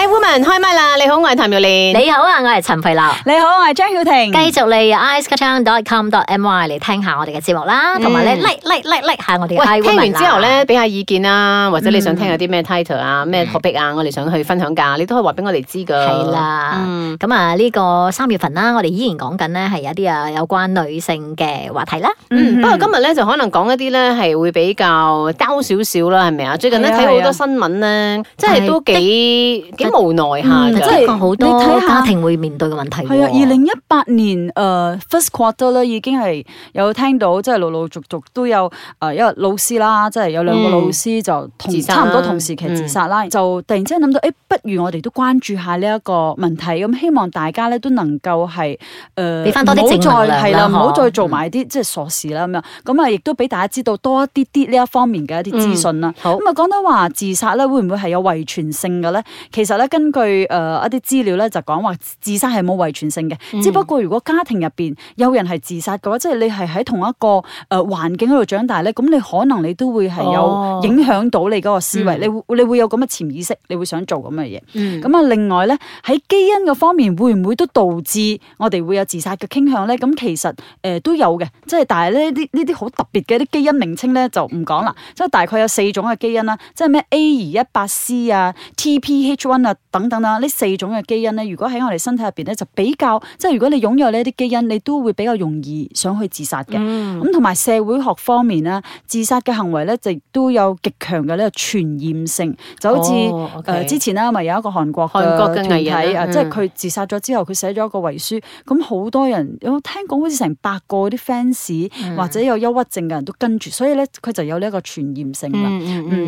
Hi, woman，開嘜啦！你好，我係譚妙蓮。你好啊，我係陳肥牛。你好，我係張曉婷。繼續嚟 iceketchup.com.my 嚟聽下我哋嘅節目啦，同埋咧 like like like like 下我哋。喂，聽完之後咧，俾下意見啦，或者你想聽有啲咩 title 啊，咩 topic 啊，我哋想去分享噶，你都可以話俾我哋知噶。係啦，咁啊，呢個三月份啦，我哋依然講緊咧係有啲啊有關女性嘅話題啦。嗯，不過今日咧就可能講一啲咧係會比較高少少啦，係咪啊？最近咧睇好多新聞咧，即係都幾。無奈下嘅，即係真係好多，你睇下家庭會面對嘅問題。係啊，二零一八年誒 first quarter 咧，已經係有聽到，即係陸陸續續都有誒，因為老師啦，即係有兩個老師就同差唔多同時期自殺啦，就突然之間諗到，誒，不如我哋都關注下呢一個問題，咁希望大家咧都能夠係誒俾翻多啲正能量啦，唔好再做埋啲即係傻事啦咁樣。咁啊，亦都俾大家知道多一啲啲呢一方面嘅一啲資訊啦。咁啊，講到話自殺咧，會唔會係有遺傳性嘅咧？其實。根據誒一啲資料咧，就講話自殺係冇遺傳性嘅，嗯、只不過如果家庭入邊有人係自殺嘅話，即、就、係、是、你係喺同一個誒環境嗰度長大咧，咁你可能你都會係有影響到你嗰個思維，哦嗯、你會你會有咁嘅潛意識，你會想做咁嘅嘢。咁啊、嗯，另外咧喺基因嘅方面，會唔會都導致我哋會有自殺嘅傾向咧？咁其實誒、呃、都有嘅，即係但係咧呢呢啲好特別嘅啲基因名稱咧就唔講啦，即係大概有四種嘅基因啦，即係咩 A 二一八 C 啊、TPH 一啊。等等啦，呢四種嘅基因咧，如果喺我哋身體入邊咧，就比較即係，如果你擁有呢一啲基因，你都會比較容易想去自殺嘅。咁同埋社會學方面咧，自殺嘅行為咧，就亦都有極強嘅呢個傳染性，就好似之前啦，咪有一個韓國嘅團體啊，即係佢自殺咗之後，佢寫咗一個遺書，咁好多人有聽講好似成百個啲 fans 或者有憂鬱症嘅人都跟住，所以咧佢就有呢一個傳染性啦。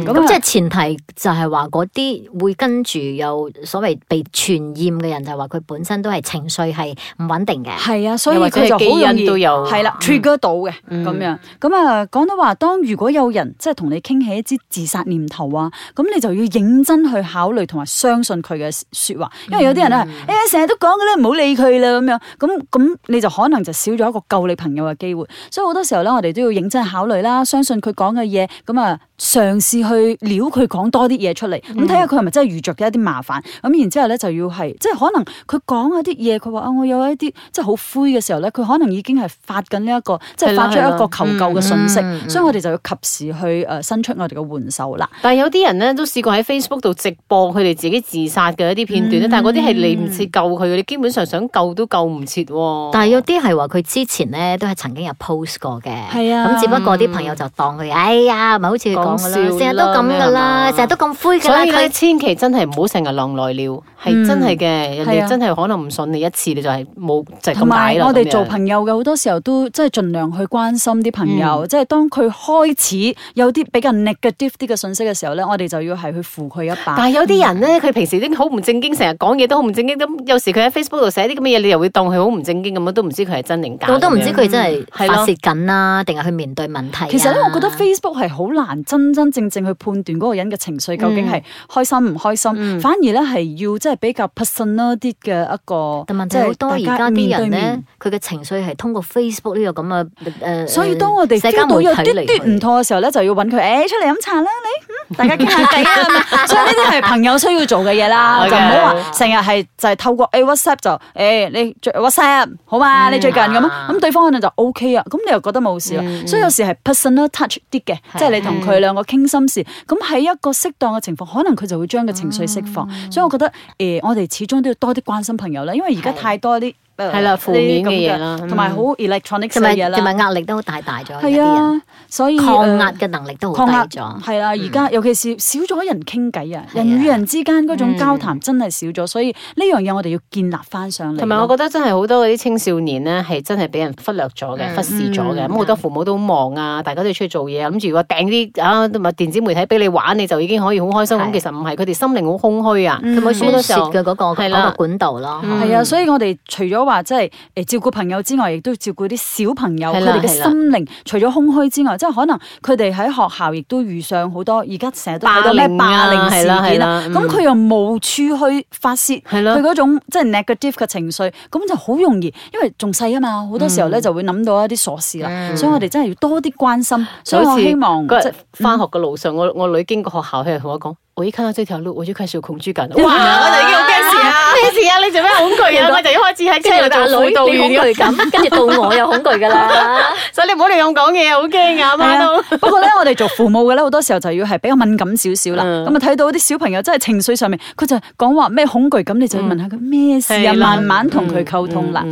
咁即係前提就係話嗰啲會跟住有。所謂被傳染嘅人就話佢本身都係情緒係唔穩定嘅，係啊，所以佢就好容易都有，係啦了、嗯、trigger 到嘅，咁樣咁啊，講、嗯嗯、到話，當如果有人即係同你傾起一啲自殺念頭啊，咁你就要認真去考慮同埋相信佢嘅說話，因為有啲人咧，誒、嗯，成日、欸、都講嘅咧，唔好理佢啦咁樣，咁咁你就可能就少咗一個救你朋友嘅機會，所以好多時候咧，我哋都要認真考慮啦，相信佢講嘅嘢，咁啊，嘗試去撩佢講多啲嘢出嚟，咁睇下佢係咪真係遇著嘅一啲矛。咁，然之後咧就要係，即係可能佢講啊啲嘢，佢話啊，我有一啲即係好灰嘅時候咧，佢可能已經係發緊呢一個，即係發出一個求救嘅訊息，所以我哋就要及時去誒伸出我哋嘅援手啦。但係有啲人咧都試過喺 Facebook 度直播佢哋自己自殺嘅一啲片段，但係嗰啲係嚟唔切救佢嘅，你基本上想救都救唔切喎。但係有啲係話佢之前咧都係曾經有 post 過嘅，咁只不過啲朋友就當佢，哎呀，咪好似佢講嘅啦，成日都咁嘅啦，成日都咁灰嘅啦。所以咧，千祈真係唔好成日。狼來了，係、嗯、真係嘅，人哋、啊、真係可能唔信你一次，你就係冇咁擺，同埋我哋做朋友嘅，好多時候都即係盡量去關心啲朋友，嗯、即係當佢開始有啲比較 negative 啲嘅信息嘅時候咧，我哋就要係去扶佢一把。但係有啲人咧，佢、嗯、平時啲好唔正經，成日講嘢都好唔正經，咁有時佢喺 Facebook 度寫啲咁嘅嘢，你又會當佢好唔正經咁樣，都唔知佢係真定假。我都唔知佢真係發泄緊啦、啊，定係去面對問題、啊。其實咧，我覺得 Facebook 係好難真真正正，正去判斷嗰個人嘅情緒究竟係開心唔開心，而咧，係要即係比較 personal 啲嘅一個，即係好多而家啲人呢，面對面，佢嘅情緒係通過 Facebook 呢個咁嘅誒，呃、所以當我哋朝早有啲啲唔妥嘅時候咧，就要揾佢誒出嚟飲茶啦你。 大家傾下偈啊！ 所以呢啲係朋友需要做嘅嘢啦，okay，就唔好話成日係就係透過誒、欸、WhatsApp 就誒、欸、你最 WhatsApp 好嘛？你最近咁、嗯、啊，咁、嗯、對方可能就 O、OK、K 啊，咁你又覺得冇事咯。嗯、所以有時係 personal touch 啲嘅，即係、嗯、你同佢兩個傾心事。咁喺是一個適當嘅情況，是可能佢就會將個情緒釋放。嗯、所以我覺得誒、呃，我哋始終都要多啲關心朋友啦，因為而家太多啲。係啦，負面嘅嘢啦，同埋好 electronic 嘅嘢啦，同埋壓力都大大咗。係啊，所以抗壓嘅能力都抗壓咗。係啊，而家尤其是少咗人傾偈啊，人與人之間嗰種交談真係少咗，所以呢樣嘢我哋要建立翻上嚟。同埋我覺得真係好多嗰啲青少年呢，係真係俾人忽略咗嘅、忽視咗嘅。咁好多父母都好忙啊，大家都出去做嘢咁，如果掟啲啊，咪電子媒體俾你玩，你就已經可以好開心。咁其實唔係，佢哋心靈好空虛啊。佢冇宣泄嘅嗰個嗰個管道咯。係啊，所以我哋除咗。話即係誒照顧朋友之外，亦都照顧啲小朋友佢哋嘅心靈。的除咗空虛之外，即係可能佢哋喺學校亦都遇上好多。而家成日都睇到咩霸凌事件啊！咁佢、嗯、又冇處去發洩，佢嗰的種即係、就是、negative 嘅情緒，咁就好容易。因為仲細啊嘛，好多時候咧就會諗到一啲傻事啦。嗯、所以我哋真係要多啲關心。嗯、所以我希望即係返學嘅路上，我、嗯、我女經過學校去，佢又同我講。我一看到這條路，我就開始要恐懼感哇，我就已經好驚咩事啊？咩事啊？你做咩恐懼啊？我就要開始喺車度做輔到恐懼嘅，咁跟住到我有恐懼噶啦，所以你唔好你咁講嘢，好驚啊，不過咧，我哋做父母嘅咧，好多時候就要係比較敏感少少啦。咁啊，睇到啲小朋友真係情緒上面，佢就講話咩恐懼，咁你就問下佢咩事啊，慢慢同佢溝通啦。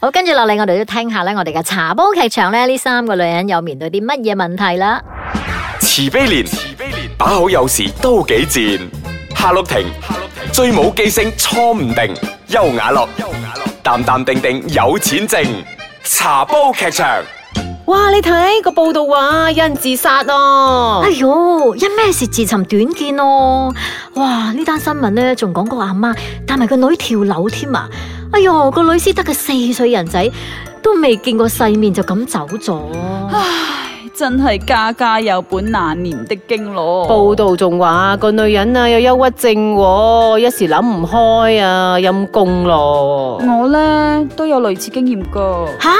好，跟住落嚟，我哋要聽下咧，我哋嘅茶煲劇場咧，呢三個女人又面對啲乜嘢問題啦？慈悲蓮，把口有時都幾賤；哈綠庭，停最冇記性錯唔定；優雅樂，優雅樂淡淡定定有錢剩。茶煲劇場哇，哇！你睇個報道話有人自殺啊，哎、啊，啊！哎呦，因咩事自尋短見哦？哇！呢單新聞咧仲講過阿媽帶埋個女跳樓添啊！哎呦，個女先得個四歲人仔都未見過世面就咁走咗。真係家家有本難念的經咯。報道仲話個女人啊有憂鬱症、哦，一時諗唔開啊，陰公咯。我呢都有類似經驗噶。吓，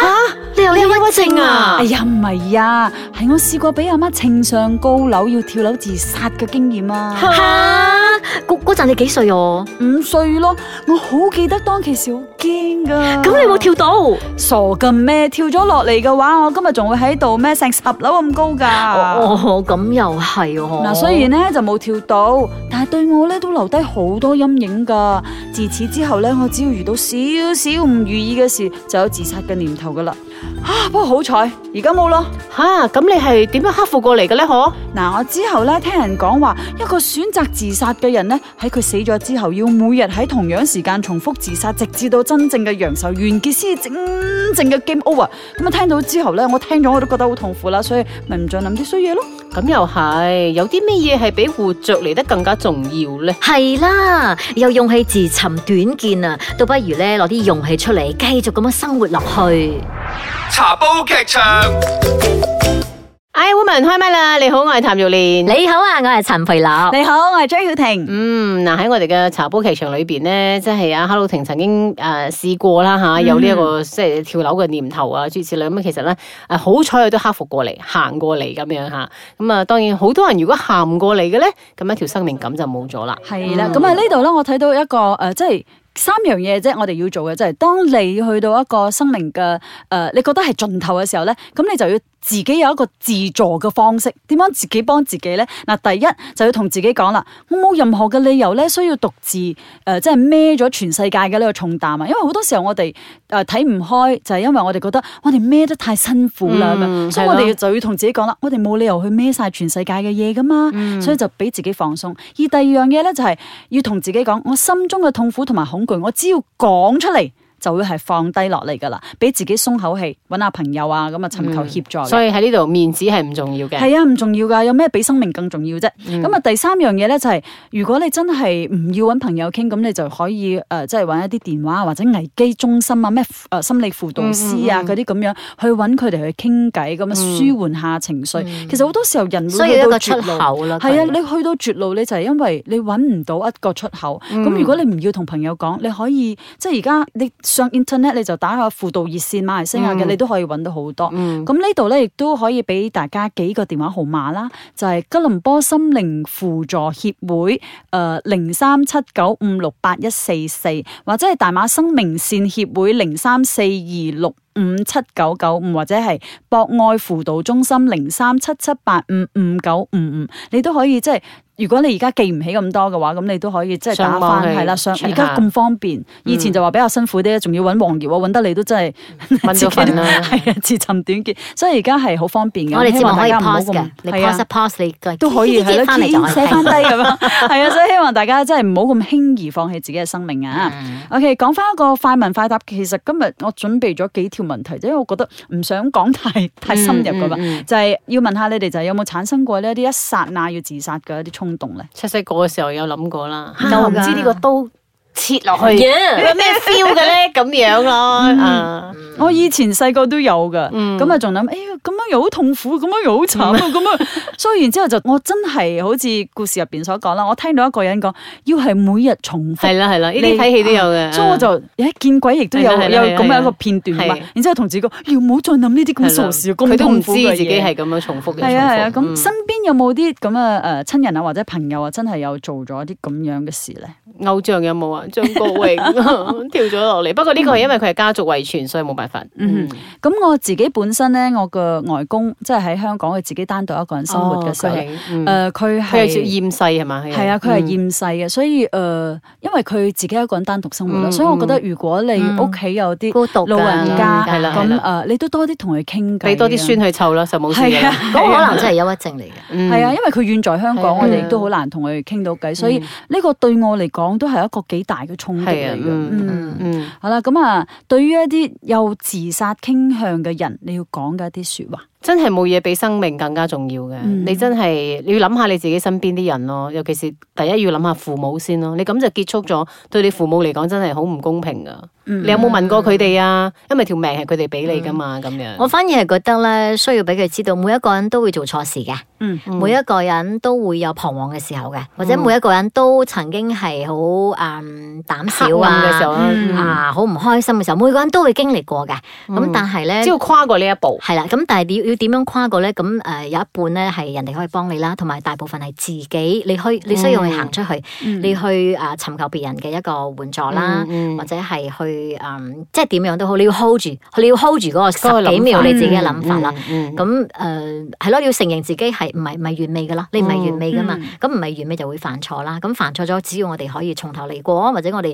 你有憂鬱症啊，啊？哎呀，唔係呀，係我試過俾阿媽稱上高樓要跳樓自殺嘅經驗啊。哈？哈嗰嗰陣你幾歲哦？五歲咯，我好記得當其時好驚噶。咁你冇跳到？傻噶咩？跳咗落嚟嘅話，我今日仲會喺度咩？成十樓咁高噶。哦，咁又係哦。嗱，雖然咧就冇跳到，但係對我咧都留低好多陰影噶。自此之後咧，我只要遇到少少唔如意嘅事，就有自殺嘅念頭噶啦。吓，不過好彩，而家冇咯。吓，咁你係點樣克服過嚟嘅咧？嗬，嗱，我之後咧聽人講話，一個選擇自殺嘅人咧喺佢死咗之後，要每日喺同樣時間重複自殺，直至到真正嘅陽壽完結先至真正嘅 game over。咁啊，聽到之後咧，我聽咗我都覺得好痛苦啦，所以咪唔再諗啲衰嘢咯。咁又係，有啲咩嘢係比活着嚟得更加重要咧？係啦，有勇氣自尋短見啊，倒不如咧攞啲勇氣出嚟，繼續咁樣生活落去。茶煲劇場，I Woman 開嘜啦！你好，我係譚玉蓮。你好啊，我係陳肥立。你好，我係張曉婷。J，嗯，嗱喺我哋嘅茶煲劇場裏邊咧，即係啊，Hello 婷，曾經誒試、呃、過啦吓、啊，有呢、這、一個即係跳樓嘅念頭啊，諸如此類咁。其實咧，誒好彩佢都克服過嚟，行過嚟咁樣吓。咁啊，當然好多人如果行唔過嚟嘅咧，咁一條生命咁就冇咗啦。係啦、嗯，咁啊呢度咧，我睇到一個誒、呃，即係。三樣嘢啫，我哋要做嘅就係，當你去到一個生命嘅、誒，你覺得係盡頭嘅時候咧，咁你就要。自己有一個自助嘅方式，點樣自己幫自己咧？嗱，第一就要同自己講啦，我冇任何嘅理由咧，需要獨自誒、呃，即係孭咗全世界嘅呢個重擔啊！因為好多時候我哋誒睇唔開，就係、是、因為我哋覺得我哋孭得太辛苦啦、嗯、所以我哋就要同自己講啦、嗯，我哋冇理由去孭曬全世界嘅嘢噶嘛，所以就俾自己放鬆。而第二樣嘢咧，就係、是、要同自己講，我心中嘅痛苦同埋恐懼，我只要講出嚟。就會係放低落嚟噶啦，俾自己鬆口氣，揾下朋友啊，咁啊尋求協助、嗯。所以喺呢度面子係唔重要嘅。係啊，唔重要噶，有咩比生命更重要啫？咁啊、嗯，第三樣嘢咧就係、是，如果你真係唔要揾朋友傾，咁你就可以誒，即係揾一啲電話或者危機中心啊，咩誒、呃、心理輔導師啊嗰啲咁樣去揾佢哋去傾偈，咁樣舒緩下情緒。嗯嗯、其實好多時候人需要一個出口啦。係啊，啊，你去到絕路你就係因為你揾唔到一個出口。咁、嗯嗯、如果你唔要同朋友講，你可以即係而家你。就是上 Internet 你就打下輔導熱線馬來西亞嘅，你都可以揾到好多。咁、嗯、呢度咧亦都可以俾大家幾個電話號碼啦，就係、是、吉隆坡心靈輔助協，助協會誒零三七九五六八一四四，呃、4, 或者係大馬生命線協會零三四二六五七九九五，5, 或者係博愛輔導中心零三七七八五五九五五，55 55, 你都可以即係。就是如果你而家記唔起咁多嘅話，咁你都可以即係打翻係啦，而家咁方便，以前就話比較辛苦啲，仲要揾黃頁揾得你都真係揾咗幾多，啊， 自尋短見，所以而家係好方便嘅。我哋節目大家唔好 pause 嘅，係你 pause 啊 pause, pause, 你都可以係咯，寫翻低咁啊，係 啊，所以希望大家真係唔好咁輕易放棄自己嘅生命啊。 OK，講翻一個快問快答，其實今日我準備咗幾條問題，因為我覺得唔想講太太深入㗎、嗯、就係要問下你哋就有冇產生過呢啲一剎那要自殺嘅一啲衝。衝動咧，出細個嘅時候有諗過啦，但係唔知呢個刀切落去嘅咩事？yeah, 咁樣咯啊！我以前細個都有噶，咁啊仲諗，哎呀，咁樣又好痛苦，咁樣又好慘，咁樣，所以然之後就，我真係好似故事入邊所講啦。我聽到一個人講，要係每日重複，係啦係啦，呢啲睇戲都有嘅。所以我就，誒，見鬼亦都有有咁樣一個片段。然之後同自己講，要唔好再諗呢啲咁傻事，你都唔知自己係咁樣重複嘅。係啊係啊，咁身邊有冇啲咁嘅誒親人啊或者朋友啊真係有做咗啲咁樣嘅事咧？偶像有冇啊？張國榮跳咗落嚟，不過呢個係因為佢係家族遺傳，所以冇辦法。咁我自己本身咧，我個外公即係喺香港，佢自己單獨一個人生活嘅時候，誒，佢係厭世係嘛？係啊，佢係厭世嘅，所以誒，因為佢自己一個人單獨生活，所以我覺得如果你屋企有啲孤獨老人家，咁誒，你都多啲同佢傾偈，俾多啲酸去湊啦，就冇事。係啊，咁可能真係憂鬱症嚟嘅。係啊，因為佢遠在香港，我哋都好難同佢傾到偈，所以呢個對我嚟講。講都係一個幾大嘅衝擊一樣。嗯嗯的嗯，嗯嗯好啦，咁啊，對於一啲有自殺傾向嘅人，你要講嘅一啲說話，真係冇嘢比生命更加重要嘅，嗯。你真係你要諗下你自己身邊啲人咯，尤其是第一要諗下父母先咯。你咁就結束咗，對你父母嚟講真係好唔公平噶。你有冇問過佢哋啊？因為條命係佢哋俾你噶嘛，咁、嗯、樣。我反而係覺得咧，需要俾佢知道，每一個人都會做錯事嘅，嗯嗯、每一個人都會有彷徨嘅時候嘅，嗯、或者每一個人都曾經係好誒膽小啊，時候啊好唔、嗯嗯啊、開心嘅時候，每個人都會經歷過嘅。咁、嗯、但係咧，只要跨過呢一步，係啦。咁但係你要點樣跨過咧？咁誒有一半咧係人哋可以幫你啦，同埋大部分係自己，你去、嗯嗯、你需要去行出去，你去誒尋求別人嘅一個援助啦，或者係去。嗯、即係點樣都好，你要 hold 住，你要 hold 住嗰個十幾秒你自己嘅諗法啦。咁誒係咯，你要承認自己係唔係唔係完美噶啦，你唔係完美噶嘛，咁唔係完美就會犯錯啦。咁犯錯咗，只要我哋可以從頭嚟過，或者我哋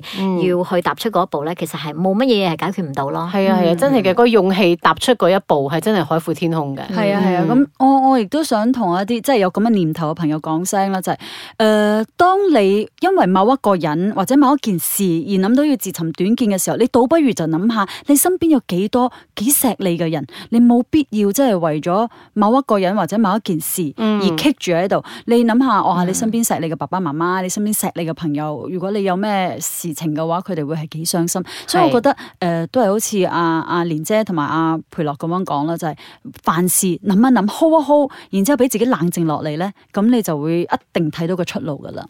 要去踏出嗰一步咧，其實係冇乜嘢係解決唔到咯。係啊係啊，真係嘅，嗰、嗰個勇氣踏出嗰一步係真係海闊天空嘅。係啊係啊，咁、嗯嗯、我我亦都想同一啲即係有咁嘅念頭嘅朋友講聲啦，就係、係、誒、呃，當你因為某一個人或者某一件事而諗到要自尋短見嘅時候，你倒不如就諗下，你身邊有幾多幾錫你嘅人，你冇必要即係為咗某一個人或者某一件事而棘住喺度。嗯、你諗下，我話你身邊錫你嘅爸爸媽媽，你身邊錫你嘅朋友，如果你有咩事情嘅話，佢哋會係幾傷心。所以我覺得誒是、呃，都係好似阿阿蓮姐同埋阿培樂咁樣講啦，就係、是、凡事諗一諗，hold 一 hold，然之後俾自己冷靜落嚟咧，咁你就會一定睇到個出路噶啦。